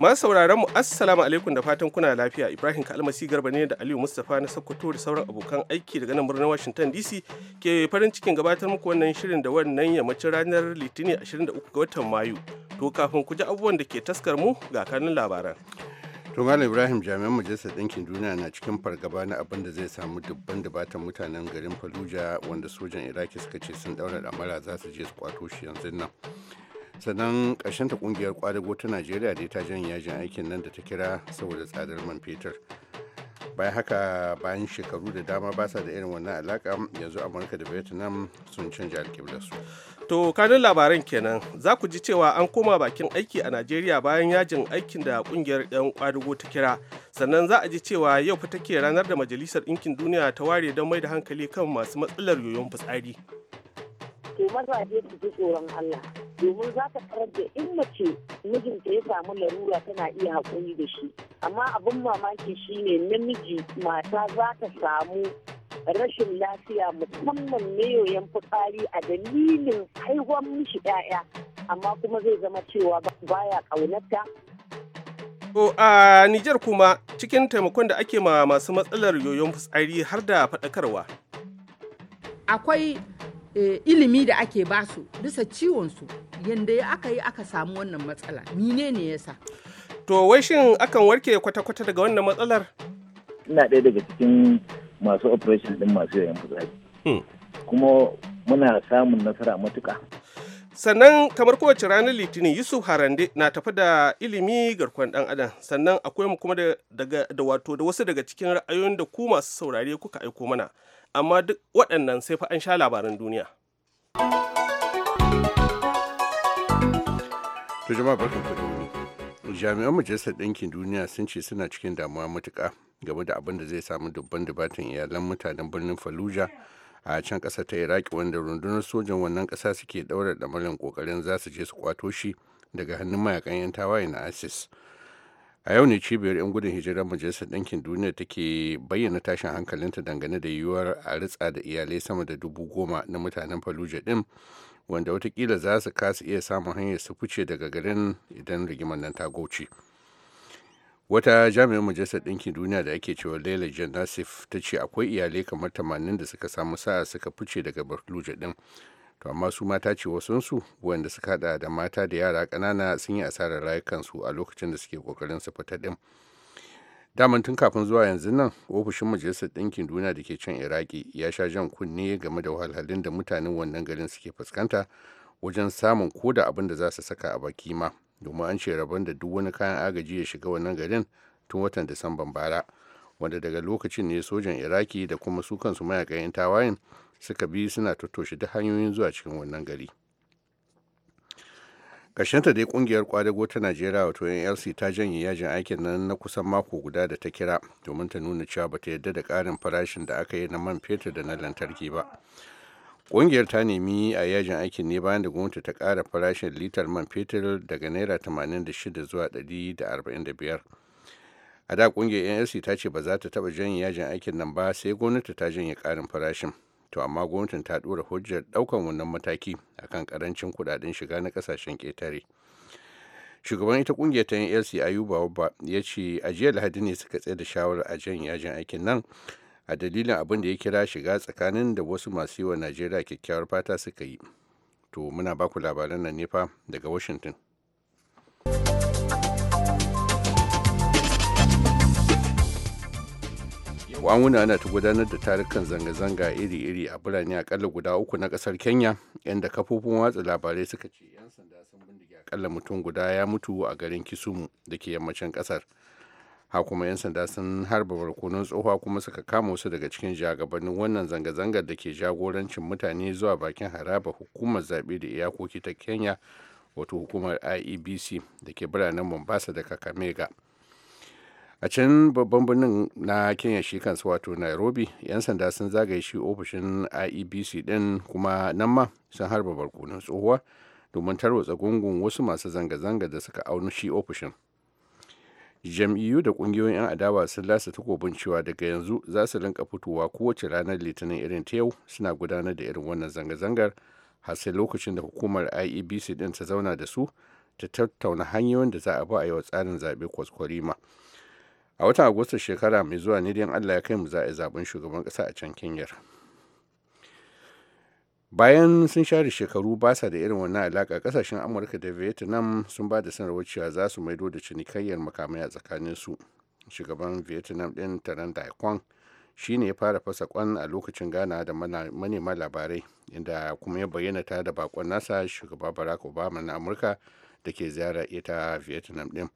masu sauraron mu assalamu alaikum da fatan kuna lafiya ibrahim kalmasi garba ne da aliyu mustapha na sokoto da sauran abokan aiki daga nan birnin washington dc ke farin cikin gabatar muku wannan shirin da wannan yammacin ranar litinin 23 ga watan mayu to kafin ku ji abubuwan da ke taskar mu ga kanin labaran to malam ibrahim jami'an majalisar ɗinkin duniya na cikin fargaba na abin da zai samu dubban dubatan mutanen garin faluja wanda sojan iraki suka ce sun daura damara za su je su kwato shi yanzu nan sannan ƙarshen ta ƙungiyar kwadago ta najeriya da ta janye yajin aikin nan da ta kira saboda tsadar man fetur bayan haka bayan shekaru da dama ba sa da irin wannan alaƙa yanzu amurka da vietnam sun canja alƙiblar su to kanin labaran kenan za ku ji cewa an koma bakin aiki a najeriya bayan yajin aikin da kungiyar yan kwadugo ta kira sannan za a ji cewa yau fa take ranar da majalisar ɗinkin duniya ta ware don mai da hankali kan masu matsalar yoyon fitsari to mazaje su ji tsoron Allah domin za ka farar da in mace mijinta ya samu larura tana iya haƙuri da shi amma abin mamaki shine namiji mata za ta samu rashin lafiya musamman yoyon fitsari a dalilin haihuwar mishi 'ya'ya amma kuma zai zama cewa baya ƙaunarta To a Nijar kuma cikin taimakon da ake ma masu matsalar yoyon fitsari har da faɗakarwa. Akwai Eh, ilimi da ake basu bisa ciwonsu yadda ya aka yi aka samu wannan matsala mine ne yasa to wai shin akan warke kwata-kwata daga wannan matsalar ina ɗaya daga cikin masu operation ɗin masu yayin fitsari hmm. kuma muna samun nasara matuka sannan kamar kowace ranar litinin yusuf harande na tafi da ilimi garkuwar dan adam sannan akwai mu kuma da wato da wasu daga cikin ra'ayoyin da ku masu saurare kuka aiko mana amma duk waɗannan sai fa an sha labaran duniya To jama'a barkan ku Jami'an Majalisar Ɗinkin Duniya sun ce suna cikin damuwa matuka game da abin da zai samu dubban dubatan iyalan mutanen birnin Fallujah a can ƙasar ta Iraki wanda rundunar sojan wannan ƙasa suke ɗaura da kokarin za su je su kwato shi daga hannun mayakan 'yan tawaye na ISIS. a yau ne cibiyar 'yan gudun hijirar majalisar ɗinkin duniya take bayyana tashin hankalinta dangane da yiwuwar a ritsa da iyalai sama da dubu goma na mutanen fallujah ɗin wanda watakila za su kasa iya samun hanyar su fice daga garin idan rigimar nan ta goce wata jami'in majalisar ɗinkin duniya da ake cewa laila jan nasif ta ce akwai iyalai kamar 80 da suka samu sa'a suka fice daga fallujah ɗin to amma su mata ce wasunsu wanda suka hada da mata da yara kanana sun yi asarar rayukansu a lokacin da suke kokarin su fita din daman tun kafin zuwa yanzu nan ofishin majalisar ɗinkin duniya da ke can iraki ya sha jan kunne game da wahalhalun da mutanen wannan garin suke fuskanta wajen samun koda abin da za su saka a baki ma domin an ce rabon da duk wani kayan agaji ya shiga wannan garin tun watan disamban bara wanda daga lokacin ne sojan iraki da kuma su kansu mayakan yin tawayen suka bi suna tattoshe duk hanyoyin zuwa cikin wannan gari ta dai ƙungiyar kwadago ta najeriya wato nlc ta janye yajin aikin nan na kusan mako guda da ta kira domin ta nuna cewa ba ta yadda da ƙarin farashin da aka yi na man fetur da na lantarki ba ƙungiyar ta nemi a yajin aikin ne bayan da gwamnati ta ƙara farashin litar man fetur daga naira tamanin da shida zuwa ɗari da da arba'in biyar a da kungiyar nlc ta ce ba za ta taɓa janye yajin aikin nan ba sai gwamnati ta janye ƙarin farashin to amma gwamnatin ta ɗora hujjar ɗaukan wannan mataki akan karancin kuɗaɗen shiga na ƙasashen ketare shugaban ita kungiyar ta nlc ayuba wabba ya ce a jiya lahadi ne suka tsaye da shawarar a jan yajin aikin nan a dalilin abin da ya kira shiga tsakanin da wasu masu yi wa najeriya kyakkyawar fata suka yi to muna baku labaran nan ne fa daga washington to ana ta gudanar da tarukan zanga-zanga iri-iri a birane akalla guda uku na kasar kenya inda kafofin watsa labarai suka ce 'yan sanda sun bindige akalla mutum guda ya mutu a garin kisumu da ke yammacin kasar ha kuma 'yan sanda sun harba barkonon tsohuwa kuma suka kama wasu daga cikin jagabannin wannan zanga-zangar da ke jagorancin mutane zuwa bakin haraba hukumar zaɓe da iyakoki ta kenya wato hukumar iebc da ke biranen mombasa da kakamega a can babban birnin na kenya shi kansu wato nairobi 'yan sanda sun zagaye shi ofishin iebc din kuma nan ma sun harba barkunan tsohuwa domin tarwatsa gungun wasu masu zanga-zanga da suka auni shi ofishin jam'iyyu da kungiyoyin 'yan adawa sun lasa takobin cewa daga yanzu za su rinka fitowa kowace ranar litinin irin ta yau suna gudanar da irin wannan zanga-zangar har sai lokacin da hukumar iebc din ta zauna da su ta tattauna hanyoyin da za a ba a yi wa tsarin zaɓe kwaskwarima. a watan agusta shekara mai zuwa ne dan allah ya kai mu za a zaben shugaban kasa a can kenyar bayan sun share shekaru basa da irin wannan alaka kasashen amurka da vietnam sun ba da sanarwar cewa za su maido da cinikayyar makamai a tsakanin su shugaban vietnam din taron daikon shi ne ya fara fasa kwan a lokacin gana da manema labarai inda kuma ya bayyana ta da bakon nasa shugaba barack obama na amurka da ke ziyara ita vietnam din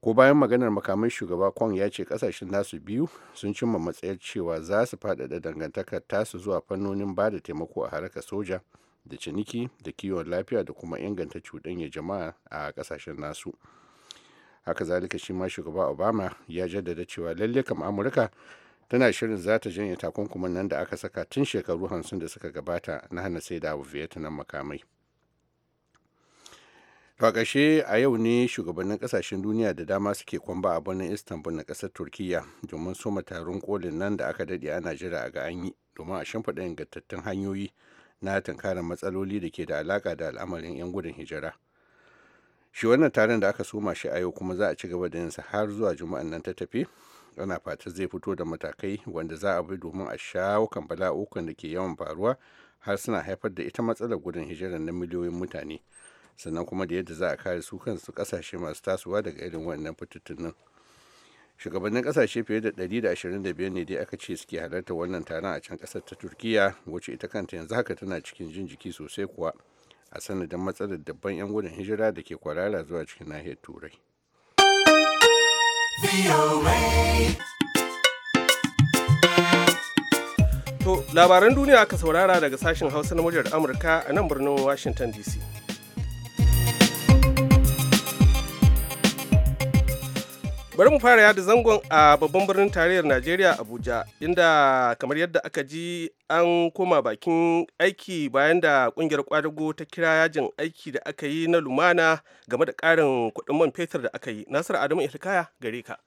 ko bayan maganar makamai shugaba kwang ya ce kasashen nasu biyu sun cimma matsayar cewa za su faɗaɗa dangantakar tasu zuwa fannonin ba da taimako a harkar soja da ciniki da kiwon lafiya da kuma inganta cuɗanya jama'a a kasashen nasu haka zalika shi ma shugaba obama ya jaddada cewa lalle kam amurka tana shirin za ta janye takunkumin nan da aka saka tun shekaru hamsin da suka gabata na hana sai da vietnam makamai To a yau ne shugabannin ƙasashen duniya da dama suke kwamba a birnin Istanbul na ƙasar Turkiyya domin soma taron kolin nan da aka daɗe ana jira ga an yi domin a shimfiɗa ingantattun hanyoyi na tunkarar matsaloli da ke da alaƙa da al'amarin 'yan gudun hijira. Shi wannan taron da aka soma shi a yau kuma za a ci gaba da yinsa har zuwa juma'an nan ta tafi. Ana fata zai fito da matakai wanda za a bi domin a shawo kan bala'ukan da ke yawan faruwa har suna haifar da ita matsalar gudun hijirar na miliyoyin mutane. sannan kuma da yadda za a kare su kansu kasashe masu tasowa daga irin wannan fitattunan shugabannin kasashe fiye da 125 ne dai aka ce suke halarta wannan taron a can kasar ta turkiya wacce ita kanta yanzu haka tana cikin jin jiki sosai kuwa a sanadin matsalar dabban 'yan gudun hijira da ke kwarara zuwa cikin nahiyar turai To labaran duniya aka saurara daga sashen hausa na muryar amurka a nan birnin washington dc bari mu fara yada zangon a babban birnin tarayyar najeriya abuja inda kamar yadda aka ji an koma bakin aiki bayan da kungiyar kwadago ta kira yajin aiki da aka yi na lumana game da karin kudin man fetur da aka yi nasiru adamu ilkaya gare ka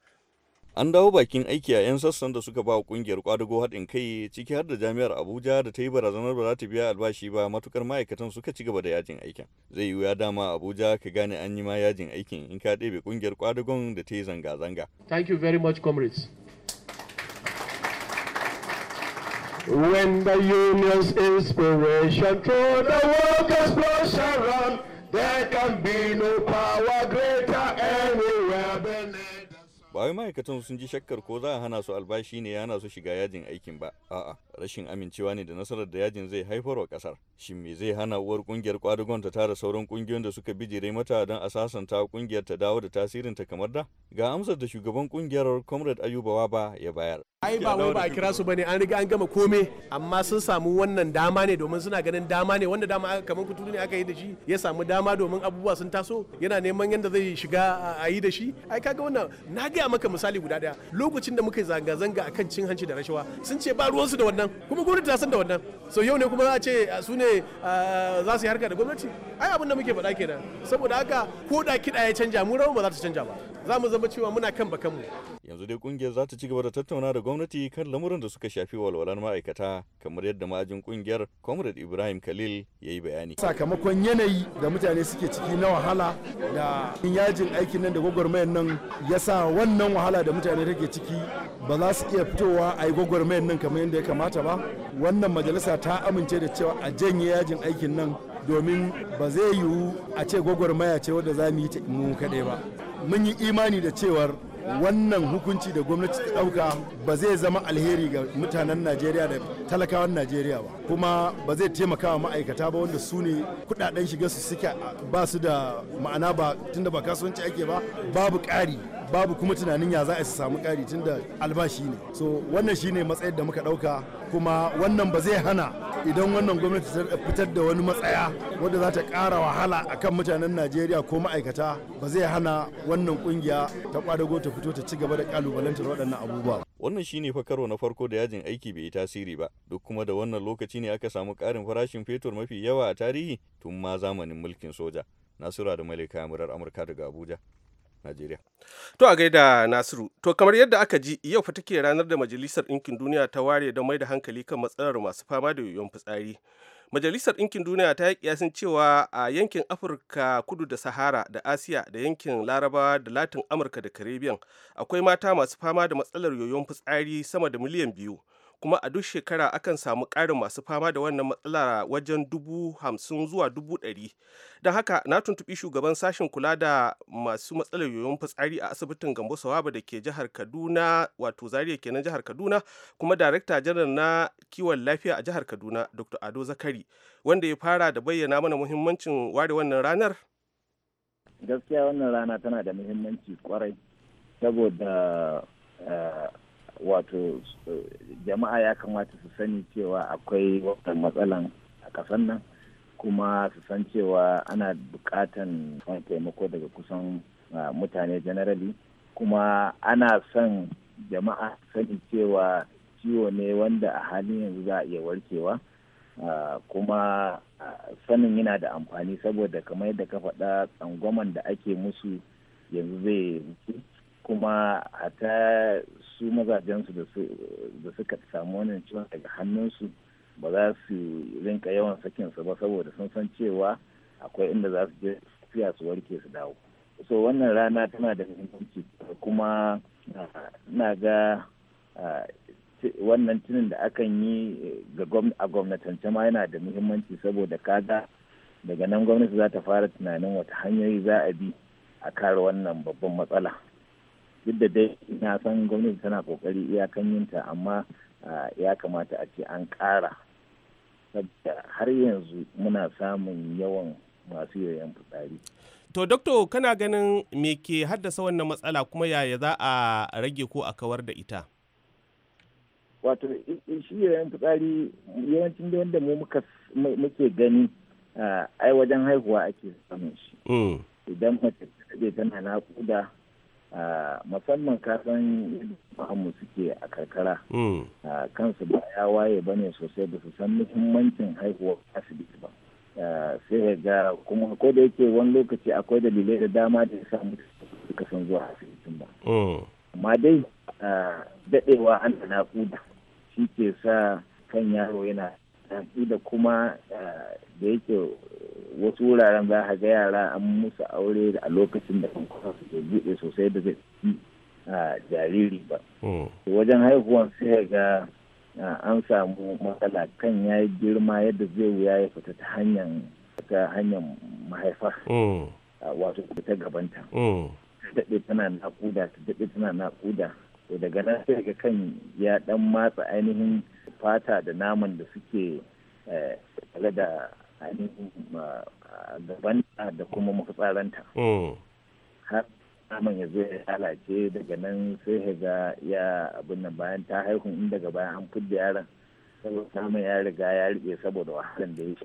An dawo bakin aiki a 'yan sassan da suka ba kungiyar kwadugo haɗin kai ciki har da jami'ar Abuja da ta yi barazanar ba za ta biya albashi ba matukar ma'aikatan suka ci gaba da yajin aikin. Zai yiwu dama Abuja ka gane an yi ma yajin aikin in ka ɗebe kungiyar kwadugon da ta yi zanga-zanga. Thank you very much comrades. When the union's inspiration through the workers' around, there can be no power greater anywhere than ba wai ma'aikatan sun ji shakkar ko za a hana su albashi ne ya hana su shiga yajin aikin ba a'a rashin amincewa ne da nasarar da yajin zai haifar wa kasar shin me zai hana uwar kungiyar kwadugon ta tara sauran kungiyoyin da suka bijire mata don a sasanta kungiyar ta dawo da tasirin ta kamar da ga amsar da shugaban kungiyar comrade ayuba waba ya bayar ai ba wai ba a kira su bane an riga an gama kome amma sun samu wannan dama ne domin suna ganin dama ne wanda dama kamar kuturu ne aka yi da shi ya samu dama domin abubuwa sun taso yana neman yadda zai shiga a yi da shi ai kaga wannan na gaya maka misali guda daya lokacin da muka yi zanga-zanga akan cin hanci da rashawa sun ce ba ruwansu da wannan kuma gwamnati ta san da wannan so yau ne kuma za a ce su ne za su yi harka da gwamnati ai abin da muke faɗa kenan saboda haka ko da kiɗa ya canja mu rawa ba za ta canja ba za mu zama cewa muna kan bakanmu. Yanzu dai kungiyar za ta ci gaba da tattauna da gwamnati kan lamurin da suka shafi walwalar ma'aikata kamar yadda ma'ajin kungiyar Comrade Ibrahim Khalil ya yi bayani. Sakamakon yanayi da mutane suke ciki na wahala da yajin aikin nan da gwagwarmayar nan ya sa wannan wahala da mutane take ciki ba za su iya fitowa a yi gwagwarmayar nan kamar yadda ya kamata ba. Wannan majalisa ta amince da cewa a janye yajin aikin nan domin ba zai yiwu a ce gwagwarmaya ce wadda za mu yi ta mu kaɗai ba mun yi imani da cewar wannan hukunci da gwamnati ta ɗauka ba zai zama alheri ga mutanen najeriya da talakawan najeriya ba kuma ba zai taimaka wa ma'aikata ba wanda su ne kudaden shiga su suke ba su da ma'ana ba tunda ba kasuwanci ake ba babu ƙari babu kuma tunanin ya za a samu tun da albashi ne so wannan shine matsayin da muka ɗauka kuma wannan ba zai hana idan wannan gwamnati ta fitar da wani matsaya wadda za ta ƙara wahala kan mutanen najeriya ko ma'aikata ba zai hana wannan kungiya ta kwadago ta fito ta ci gaba da ƙalubalantar waɗannan abubuwa wannan shine fa karo na farko da yajin aiki bai yi tasiri ba duk kuma da wannan lokaci ne aka samu karin farashin fetur mafi yawa a tarihi tun ma zamanin mulkin soja nasura da malika murar amurka daga abuja najeriya to a gaida nasiru to kamar yadda aka ji yau fa take ranar da majalisar ɗinkin duniya ta ware don mai da hankali kan matsalar masu fama da yoyon fitsari majalisar ɗinkin duniya ta yi kiyasin cewa a yankin afirka kudu da sahara da asiya da yankin larabawa da latin amurka da caribbean akwai mata masu fama da matsalar yoyon fitsari sama da miliyan biyu kuma a duk shekara akan samu ƙarin masu fama da wannan matsala wajen dubu hamsin zuwa dubu ɗari don haka na tuntuɓi shugaban sashen kula da masu matsalar yoyon fitsari a asibitin gambo sawaba da ke jihar kaduna wato zaria kenan jihar kaduna kuma darakta janar na kiwon lafiya a jihar kaduna dr ado zakari wanda ya fara da bayyana mana muhimmancin ware wannan ranar gaskiya wannan rana tana da muhimmanci kwarai saboda eh, wato jama'a ya kamata su sani cewa akwai wata matsalan a kasan nan kuma su san cewa ana bukatan taimako daga kusan mutane generally kuma ana son jama'a sani cewa ciwo ne wanda a halin yanzu za a iya warkewa kuma sanin yana da amfani saboda kamar yadda ka faɗa tsangwaman da ake musu yanzu zai kuma a ta su mazajensu da suka samu wannan ciwon daga hannunsu ba za su rinka yawan su ba saboda sun san cewa akwai inda za su je tafiya su warke su dawo so wannan rana tana da muhimmanci kuma na ga wannan tunin da akan yi eh, a gwamnatance ma yana da muhimmanci saboda kaga daga nan gwamnati za ta fara tunanin wata hanyoyi za a bi a kare wannan babban matsala duk da dai na san gwamnati tana kokari iyakan yinta amma ya kamata a ce an kara saboda har yanzu muna samun yawan masu yoyon fitsari. To, doktor kana ganin me ke haddasa wannan matsala kuma yaya za a rage ko a kawar da ita? Wato, shi yoyon fitsari yawancin da yadda mu muke gani ai wajen haihuwa ake samun shi. Mm. Idan mace tana naƙuda musamman kasan mu suke a karkara hmm. kansu ba ya waye ba ne sosai ba su san muhimmancin haihuwar asibiti ba sai ya ga kuma ko da yake wani lokaci akwai dalilai da dama da ya samu suka san zuwa asibitin ba hmm. amma dai daɗewa an da naƙuda shi ke sa kan yaro yana shaƙi da kuma eh, da yake wasu wuraren za a ga yara an musu aure a lokacin da kan kusa su buɗe sosai da zai eh, jariri ba hmm. wajen haihuwan sai ga eh, an samu matsala kan ya yi girma yadda zai wuya ya fita ta hanyar ta hanyar mahaifa hmm. wato ta gabanta daɗe tana nakuda ta daɗe tana nakuda to daga nan sai ga kan ya ɗan matsa ainihin fata da naman da suke eh, tare da gaban da kuma mafitsaranta mm. har naman ya zo ya lalace daga nan sai ya ga ya abin bayan ta haihu in daga bayan an fidda yaron saboda ya riga ya riƙe saboda wahalan da mm.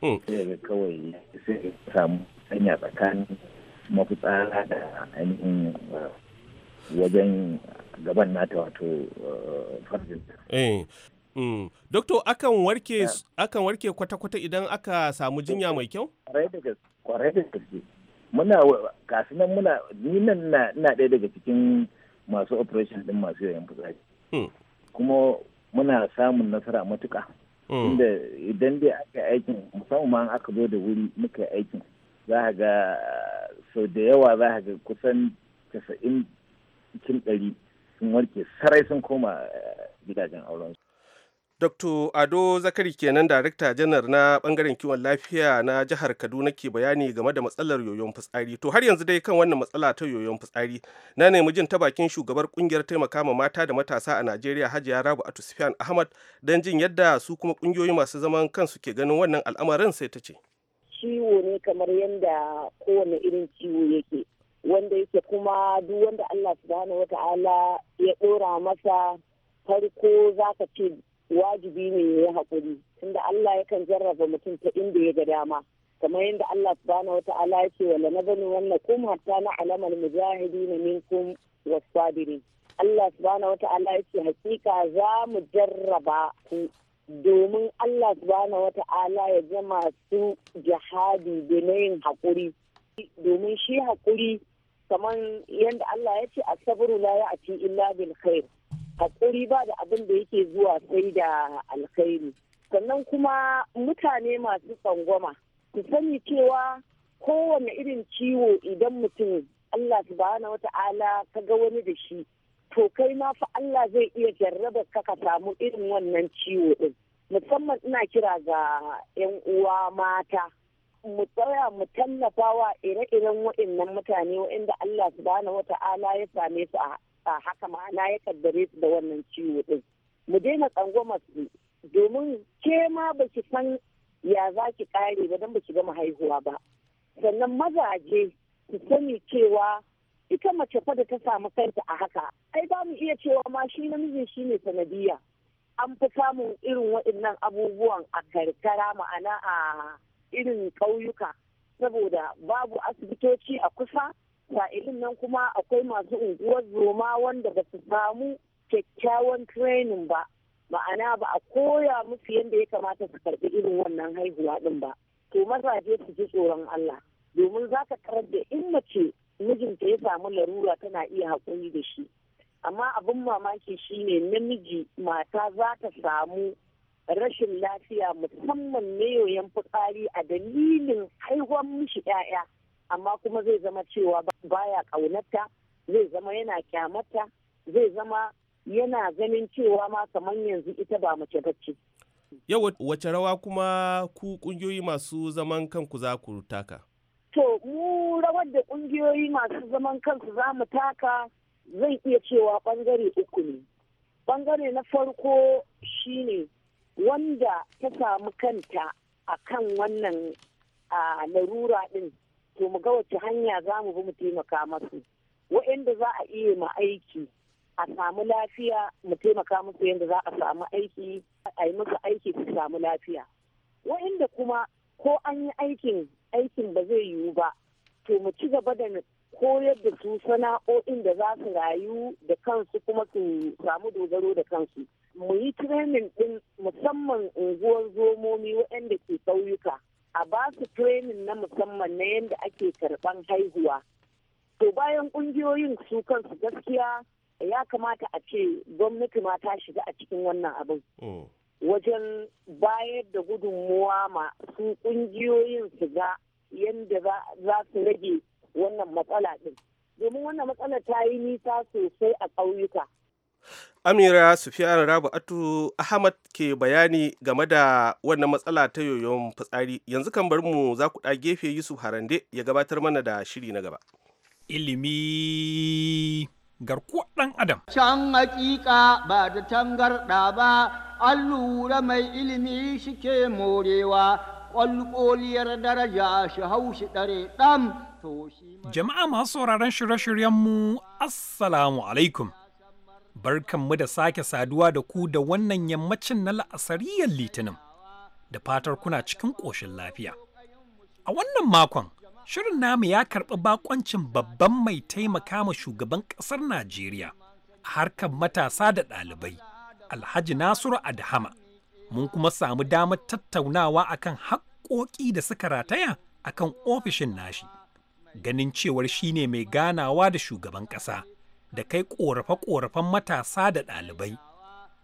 ya sai ga kawai sai ya samu sanya tsakanin mafitsara da ainihin eh, wajen gaban nata wato eh, farjinta. Mm. Doktor akan warke akan warke kwata-kwata idan aka samu jinya mai kyau? Kwarai da gaske. Muna kasu nan muna ni nan na ɗaya daga cikin masu operation din masu yayin fitsari. Hmm. Kuma muna samun nasara matuka. Hmm. Inda idan dai aka aikin musamman aka zo da wuri muka aikin za a ga sau da yawa za a ga kusan casa'in cikin ɗari sun warke sarai sun koma eh, gidajen aurensu. dr ado zakari kenan darakta janar na bangaren kiwon lafiya na jihar kaduna ke bayani game da matsalar yoyon fitsari to har yanzu dai kan wannan matsala ta yoyon fitsari na nemi jin ta bakin shugabar kungiyar taimaka ma mata da matasa a najeriya hajiya rabu atu sufyan ahmad don jin yadda su kuma kungiyoyi masu zaman kansu ke ganin wannan al'amarin sai ta ce ciwo ne kamar yadda kowane irin ciwo yake wanda yake kuma duk wanda allah subhanahu wata'ala ya ɗora masa farko za ka ce wajibi ne ya yi haƙuri tunda Allah yakan jarraba mutum ta inda ya ga dama kamar yadda Allah subhanahu wata'ala ya ce wala na bani wannan kum hatta na alamar mujahidi na minkum wasabiri Allah subhanahu wata'ala ya ce hakika za mu jarraba ku domin Allah subhanahu wata'ala ya zama su jihadi da na yin haƙuri domin shi haƙuri kamar yadda Allah ya ce a sabru la ya illa bil khair hakuri ba da abin da yake zuwa sai da alkhairi sannan kuma mutane masu tsangwama ku sani cewa kowane irin ciwo idan mutum Allah subhanahu wata'ala ka ga wani da shi to kai ma fa Allah zai iya jarraba ka ka samu irin wannan ciwo din musamman ina kira ga 'yan uwa mata mu tsaya mu tallafa wa ire-iren waɗannan mutane waɗanda Allah subhanahu wata'ala ya same su a A haka ma'ana ya kaddare su da wannan ciwo ɗin. mu daina tsangwama su domin ke ma ba ki san ya za ki kare ba don ba ki gama haihuwa ba sannan mazaje su sani cewa ita mace fa da ta samu kanta a haka ai ba mu iya cewa ma shi namiji shi ne sanadiyya an fi samun irin waɗannan abubuwan a karkara ma'ana a irin ƙauyuka saboda babu asibitoci a kusa sa'ilin nan kuma akwai masu unguwar zoma wanda ba su samu kyakkyawan training ba ma'ana ba a koya musu yadda ya kamata su karbi irin wannan haihuwa din ba to mazaje su ji tsoron Allah domin za ka karar da in mace mijinta ya samu larura tana iya haƙuri da shi amma abin mamaki shine namiji mata za ta samu rashin lafiya musamman na yoyon fitsari a dalilin haihuwar mishi 'ya'ya amma kuma zai zama cewa baya ƙaunarta zai zama yana kyamata zai zama yana ganin cewa ma kamar yanzu ita ba mace bacci. Yau wace rawa kuma ku kungiyoyi masu zaman kanku za ku taka? To mu rawar da ƙungiyoyi masu zaman kansu za mu taka zai iya cewa ɓangare uku ne. ɓangare na farko shine wanda ta samu kanta a kan wannan larura ɗin to mu ga wace hanya za mu bi mu taimaka masu wa'inda za a iya ma aiki a samu lafiya mu taimaka musu yadda za a samu aiki a yi musu aiki su samu lafiya wa'inda kuma ko an yi aikin aikin ba zai yiwu ba to mu ci gaba da koyar da su sana'o'in da za su rayu da kansu kuma su samu dogaro da kansu mu yi training din musamman unguwar zomomi waɗanda ke ƙauyuka a ba su training na musamman na yadda ake karban haihuwa to bayan kungiyoyin su kansu gaskiya ya kamata a ce gwamnati ma ta shiga a cikin wannan abin oh. wajen bayar da gudunmuwa ma su kungiyoyin su ga yadda za su rage wannan matsala din domin wannan matsala ta yi nisa sosai a ƙauyuka amira sufiyan rabu atu ahmad ke bayani game da wannan matsala ta yoyon fitsari yanzu kan bar mu za ku gefe yusuf harande ya gabatar mana da shiri na gaba ilimi garkuwa ɗan adam can hakika ba da tangarɗa ba an lura mai ilimi shike morewa ƙwalƙoliyar daraja shi haushi ɗare ɗan. jama'a masu sauraron shirye-shiryenmu assalamu alaikum barkanmu da sake saduwa da ku da wannan yammacin na la'asariyar litinin da fatar kuna cikin ƙoshin lafiya. A wannan makon, shirin namu ya karɓi bakoncin babban mai taimaka ma shugaban ƙasar Najeriya a harkar matasa da ɗalibai, Alhaji Nasiru Adhama. Mun kuma samu damar tattaunawa akan haƙƙoƙi da suka rataya akan ofishin nashi, ganin cewar shine mai ganawa da shugaban ƙasa. da kai ƙorafe-ƙorafen matasa da ɗalibai.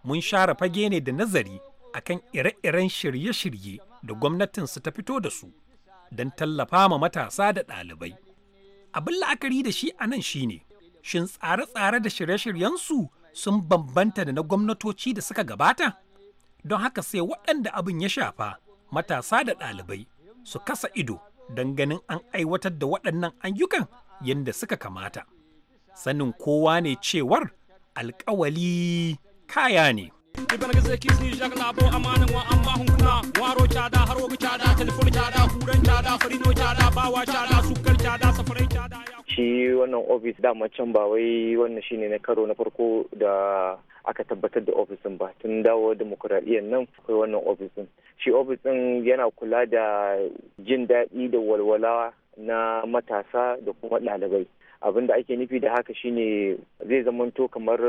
Mun share fage ne da nazari a kan ire-iren shirye-shirye da gwamnatin su ta fito da su don tallafa ma matasa da ɗalibai. Abin la'akari da shi a nan shi ne, shin tsare-tsare da shirye-shiryensu sun bambanta da na gwamnatoci da suka gabata? Don haka sai waɗanda abin ya shafa matasa da ɗalibai su kasa ido don ganin an aiwatar da waɗannan ayyukan yadda suka kamata. sanin kowa ne cewar alkawali kaya ne. shi wannan ofis dama can ba wai wannan shine na karo na farko da aka tabbatar da ofisin ba tun dawo demokuraɗiyyar nan akwai wannan ofisin shi ofisin yana kula da jin daɗi da walwala na matasa da kuma ɗalibai abin da ake nufi da haka shine zai zamanto kamar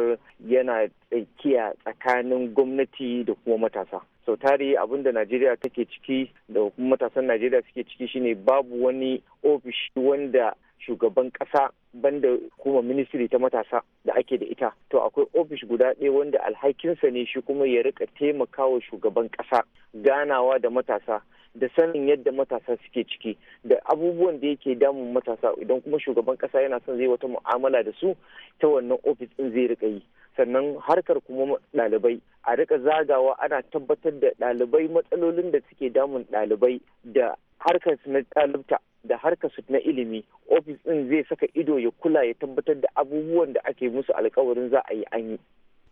yana tsakiya tsakanin gwamnati da kuma matasa sau tari abin da najeriya take ciki da kuma matasan najeriya suke ciki shine babu wani ofishi wanda shugaban ƙasa banda kuma ministry ta matasa da ake da ita to akwai ofis guda ɗaya wanda alhakinsa ne shi kuma ya rika taimakawa shugaban kasa ganawa da matasa da sanin yadda matasa suke ciki da abubuwan da yake damun matasa idan kuma shugaban kasa yana son zai wata mu'amala da su ta wannan ofis ɗin zai rika yi sannan harkar kuma ɗalibai a rika zagawa ana tabbatar da ɗalibai matsalolin da suke damun ɗalibai da harkar su na ɗalibta da harkar su na ilimi ofis ɗin zai saka ido ya kula ya tabbatar da abubuwan da ake musu alkawarin za a yi an yi.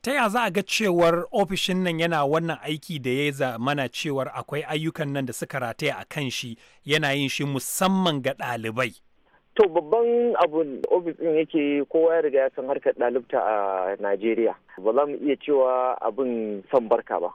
Ta ya za a ga cewar ofishin nan yana wannan aiki da ya zamana cewar akwai ayyukan nan da suka rataya a kan shi yana yin shi musamman ga ɗalibai. To babban abun ofis ɗin yake kowa ya riga ya san harkar ɗalibta a Najeriya. Ba za mu iya cewa abin son barka ba.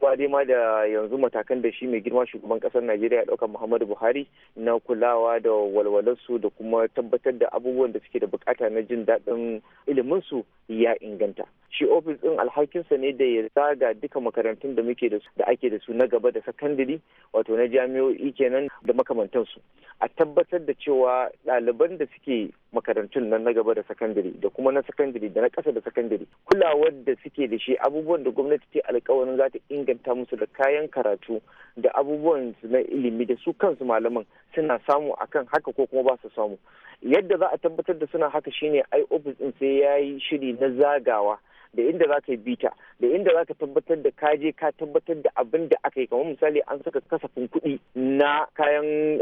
zuwa dai ma da yanzu matakan da shi mai girma shugaban kasar najeriya ɗauka muhammadu buhari na kulawa da walwalarsu da kuma tabbatar da abubuwan da suke da bukata na jin daɗin iliminsu ya inganta shi ofis ɗin alhakinsa ne da ya zaga duka makarantun da muke da ake da su na gaba da sakandare wato na jami'o'i kenan da makamantansu a tabbatar da cewa ɗaliban da suke makarantun nan na gaba da sakandare da kuma na sakandare da na kasa da sakandare kulawar da suke da shi abubuwan da gwamnati ce alkawarin za ta inganta musu da kayan karatu da abubuwan na ilimi da su kansu malaman suna samu akan haka ko kuma ba su samu yadda za a tabbatar da suna haka shine ai ofis din sai ya yi shiri na zagawa da inda za ka yi bita da inda za ka tabbatar da ka je ka tabbatar da abin da aka yi kamar misali an saka kasafin kuɗi na kayan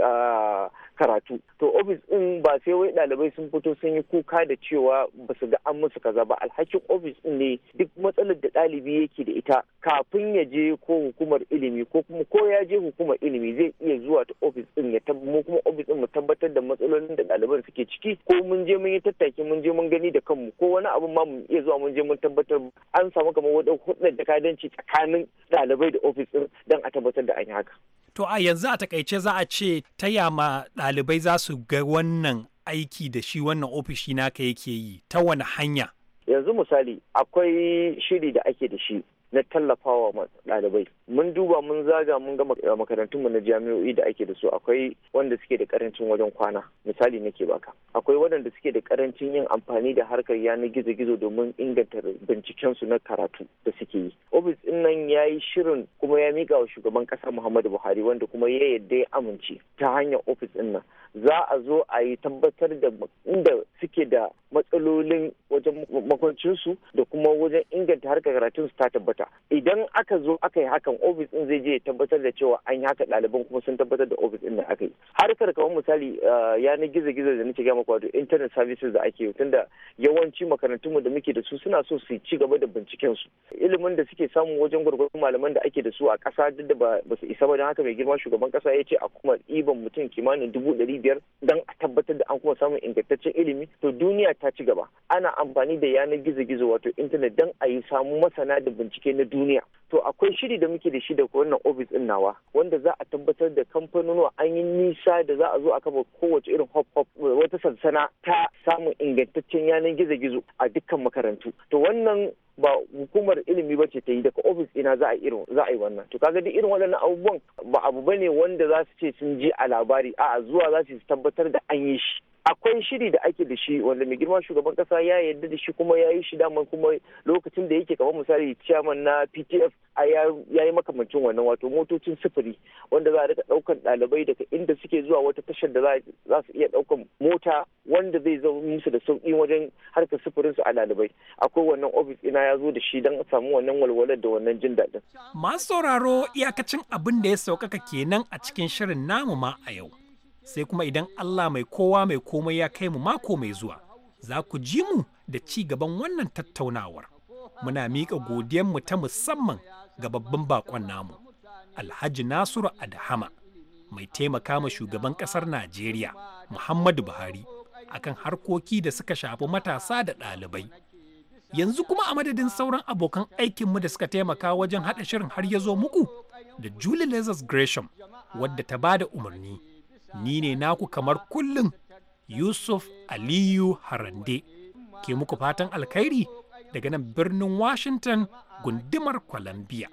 karatu to ofis din ba sai wai ɗalibai sun fito sun yi kuka da cewa ba su ga an musu kaza ba alhakin ofis din ne duk matsalar da ɗalibi yake da ita kafin ya je ko hukumar ilimi ko kuma ko ya je hukumar ilimi zai iya zuwa ta ofis din ya mu kuma ofis din mu tabbatar da matsalolin da ɗaliban suke ciki ko mun je mun yi tattaki mun je mun gani da kanmu ko wani abun ma mu iya zuwa mun je mun tabbatar tabbatar an samu kamar wadda da jakadanci tsakanin ɗalibai da ofis ɗin don a tabbatar da an yi haka. To a yanzu a takaice za a ce ta yama ɗalibai za su ga wannan aiki da shi wannan ofishi naka yake yi ta wani hanya? Yanzu misali akwai shiri da ake da shi na tallafawa ɗalibai mun duba mun zaga mun ga eh, makarantun mu na jami'o'i da ake da su akwai wanda suke da karancin wajen kwana misali nake baka akwai waɗanda suke da karancin yin amfani da harkar yanar gizo-gizo domin inganta bincikensu na karatu da suke yi ofis din nan ya yi shirin kuma ya mika wa shugaban ƙasa muhammadu buhari wanda kuma ya yadda ya amince ta hanyar ofis din nan za a zo a yi tabbatar da inda suke da matsalolin wajen makwancinsu da kuma wajen inganta harkar karatunsu ta tabbata idan aka zo aka yi hakan ofis din zai je ya tabbatar da cewa an yi haka ɗaliban kuma sun tabbatar da ofis din da aka yi harkar kamar misali uh, yanar gizo-gizo da nake gama kwado internet services da ake yi tunda yawanci makarantunmu da muke da su suna so su ci gaba da bincikensu ilimin da suke samu wajen gwargwadon malaman da ake da su a ƙasa duk da ba su isa ba don haka mai girma shugaban ƙasa ya ce a kuma ɗiban mutum kimanin dubu ɗari biyar don a tabbatar da an kuma samun ingantaccen ilimi to duniya ta ci gaba ana amfani da yanar gizo-gizo wato intanet don a yi samu masana da bincike na duniya to akwai shiri da muke da shi da wannan ofis din nawa wanda za a tabbatar da kamfanonuwa an yi nisa da za a zo a kafa kowace irin hop hop wata sansana ta samun ingantaccen yanar gizo-gizo a dukkan makarantu to wannan ba hukumar ilimi ba ce ta yi daga ofis ina za a yi wannan to kaga duk irin waɗannan abubuwan ba abu bane wanda za su ce sun ji a labari a'a zuwa za su tabbatar da an yi shi akwai shiri da ake da shi wanda mai girma shugaban kasa ya yarda da shi kuma ya yi shi daman kuma lokacin da yake kamar misali chairman na ptf ya yi makamancin wannan wato motocin sufuri wanda za a rika daukan ɗalibai daga inda suke zuwa wata tashar da za su iya daukan mota wanda zai zama musu da sauki wajen harkar sufurin su a dalibai akwai wannan ofis ina ya zo da shi don samu wannan walwalar da wannan jin daɗin. masu sauraro iyakacin abin da ya saukaka kenan a cikin shirin namu ma a yau. sai kuma idan Allah mai kowa mai komai ya kai mu mako mai zuwa za ku ji mu da ci gaban wannan tattaunawar muna miƙa godiyanmu ta musamman ga babban bakon namu alhaji nasiru adhama mai taimaka ma shugaban ƙasar najeriya muhammadu buhari akan harkoki da suka shafi matasa da ɗalibai yanzu kuma a madadin sauran abokan aikinmu da suka taimaka wajen haɗa shirin har ya zo muku da julie lazarus gresham wadda ta ba da umarni ni ne naku kamar kullum Yusuf Aliyu Harande ke muku fatan alkhairi daga nan birnin Washington gundumar Columbia.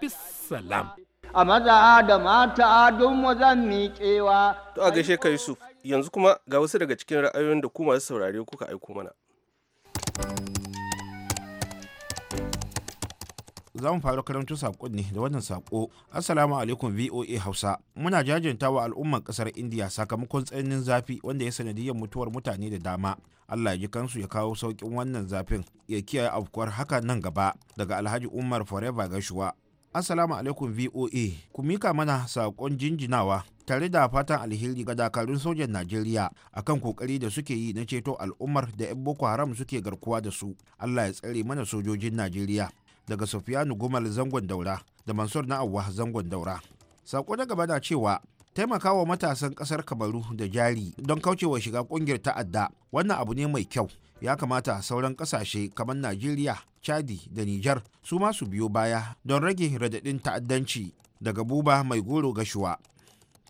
Bissalam. A maza da mata don zan miƙewa. To a gaishe ka Yusuf, yanzu kuma ga wasu daga cikin ra'ayoyin da ku masu saurare kuka aiko mana. za mu fara karanto saƙon ne da wannan saƙo assalamu alaikum voa hausa muna jajanta wa al'umman ƙasar indiya sakamakon tsananin zafi wanda ya sanadiyar mutuwar mutane da dama allah ya ji kansu ya kawo saukin wannan zafin ya kiyaye afkuwar haka nan gaba daga alhaji umar forever gashuwa assalamu alaikum voa ku mika mana saƙon jinjinawa tare da fatan alheri ga dakarun sojan najeriya akan kokari da suke yi na ceto al'ummar da 'yan boko haram suke garkuwa da su allah ya tsare mana sojojin najeriya daga Sufiyanu Gumal zangon daura da Mansur na Awwa zangon daura. Sako na gaba na cewa taimaka wa matasan kasar Kamaru da jari don kaucewa shiga kungiyar ta'adda wannan abu ne mai kyau. Ya kamata sauran kasashe kamar Najeriya, Chadi da Nijar su ma su biyo baya don rage radadin ta'addanci daga buba mai goro gashuwa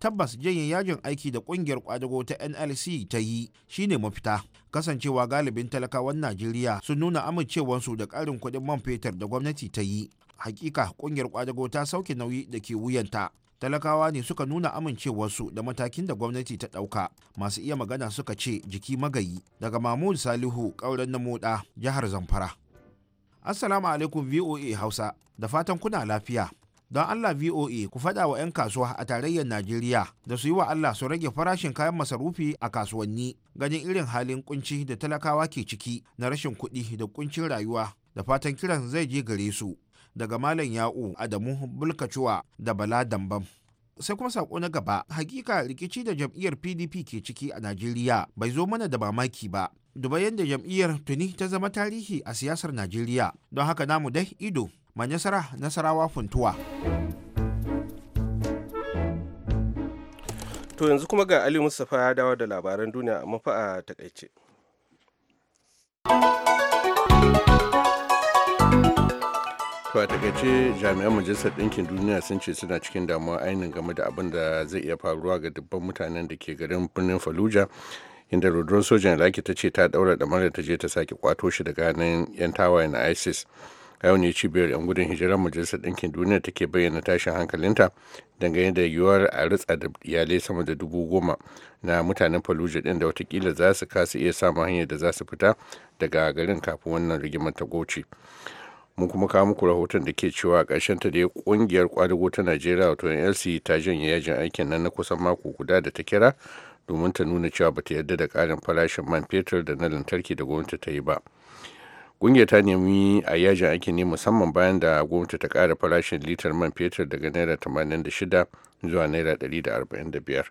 tabbas janyen yajin aiki da kungiyar kwadago ta nlc ta yi shine mafita kasancewa galibin talakawan najeriya sun nuna amincewarsu da karin kuɗin man fetur da gwamnati ta yi hakika kungiyar kwadago ta sauke nauyi da ke wuyanta talakawa ne suka nuna amincewarsu da matakin da gwamnati ta ɗauka masu iya magana suka ce jiki magayi daga mahmud salihu ƙauren na moda jihar zamfara assalamu alaikum voa hausa da fatan kuna lafiya don Allah VOA ku faɗa wa 'yan kasuwa a tarayyar Najeriya da su yi wa Allah su rage farashin kayan masarufi a kasuwanni ganin irin halin kunci da talakawa ke ciki na rashin kuɗi da kuncin rayuwa da fatan kiran zai je gare su daga Malam Ya'u Adamu Bulkacuwa da Bala Dambam. sai kuma saƙo na gaba hakika rikici da jam'iyyar pdp ke ciki a najeriya bai zo mana da mamaki ba duba yadda jam'iyyar tuni ta zama tarihi a siyasar najeriya don haka namu dai ido mai nasara nasarawa funtuwa to yanzu kuma ga ali mustapha ya dawo da labaran duniya amma fa a takaice to a takaice jami'an majalisar ɗinkin duniya sun ce suna cikin damuwa ainihin game da abin da zai iya faruwa ga dubban mutanen da ke garin birnin fallujah inda rudurar sojan laki ta ce ta daura da ta je ta sake kwato shi daga nan 'yan na isis a yau ne cibiyar 'yan gudun hijirar majalisar ɗinkin duniya take bayyana tashin hankalinta dangane da yiwuwar a ritsa da iyalai sama da dubu goma na mutanen fallujah ɗin da watakila za su kasa iya samun hanyar da za su fita daga garin kafin wannan rigimar ta goce mun kuma kawo muku rahoton da ke cewa ƙarshen ta dai ƙungiyar kwadago ta najeriya wato nlc ta janye yajin aikin nan na kusan mako guda da ta kira domin ta nuna cewa bata yarda da ƙarin farashin man fetur da na lantarki da gwamnati ta yi ba kungiyar ta nemi a yajin ake ne musamman bayan da gwamnati ta kara farashin litar man fetur daga naira 86 zuwa naira 145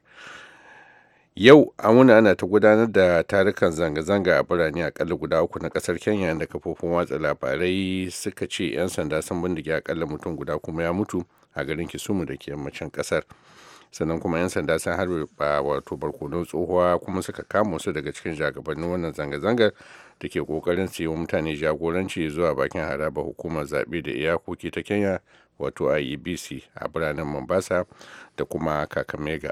yau a wuna ana ta gudanar da tarukan zanga-zanga a birane a akalla guda uku na kasar kenya inda kafofin watsa labarai suka ce 'yan sanda sun bindige akalla mutum guda kuma ya mutu a garin kisumu da ke yammacin kasar sannan kuma 'yan sanda sun harbe wato barkonon tsohuwa kuma suka kama wasu daga cikin jagabannin wannan zanga-zangar da ke kokarin su mutane jagoranci zuwa bakin haraba hukumar zaɓe da iyakoki ta kenya wato iebc a biranen mombasa da kuma kakamega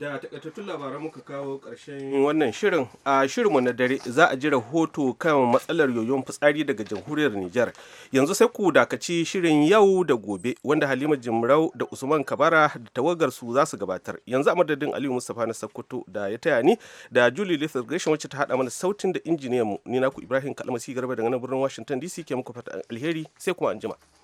da takaitattun labaran muka kawo karshen wannan shirin a shirinmu na dare za a ji rahoto kan matsalar yoyon fitsari daga jamhuriyar Nijar yanzu sai ku dakaci shirin yau da gobe wanda Halima Jimrau da Usman Kabara da tawagar su za su gabatar yanzu a madadin Aliyu Mustapha na Sokoto da ya taya ni da Julie Lethal Gresham wacce ta hada mana sautin da injiniyan mu ni naku Ibrahim Kalmasi Garba daga nan birnin Washington DC ke muku fata alheri sai kuma anjima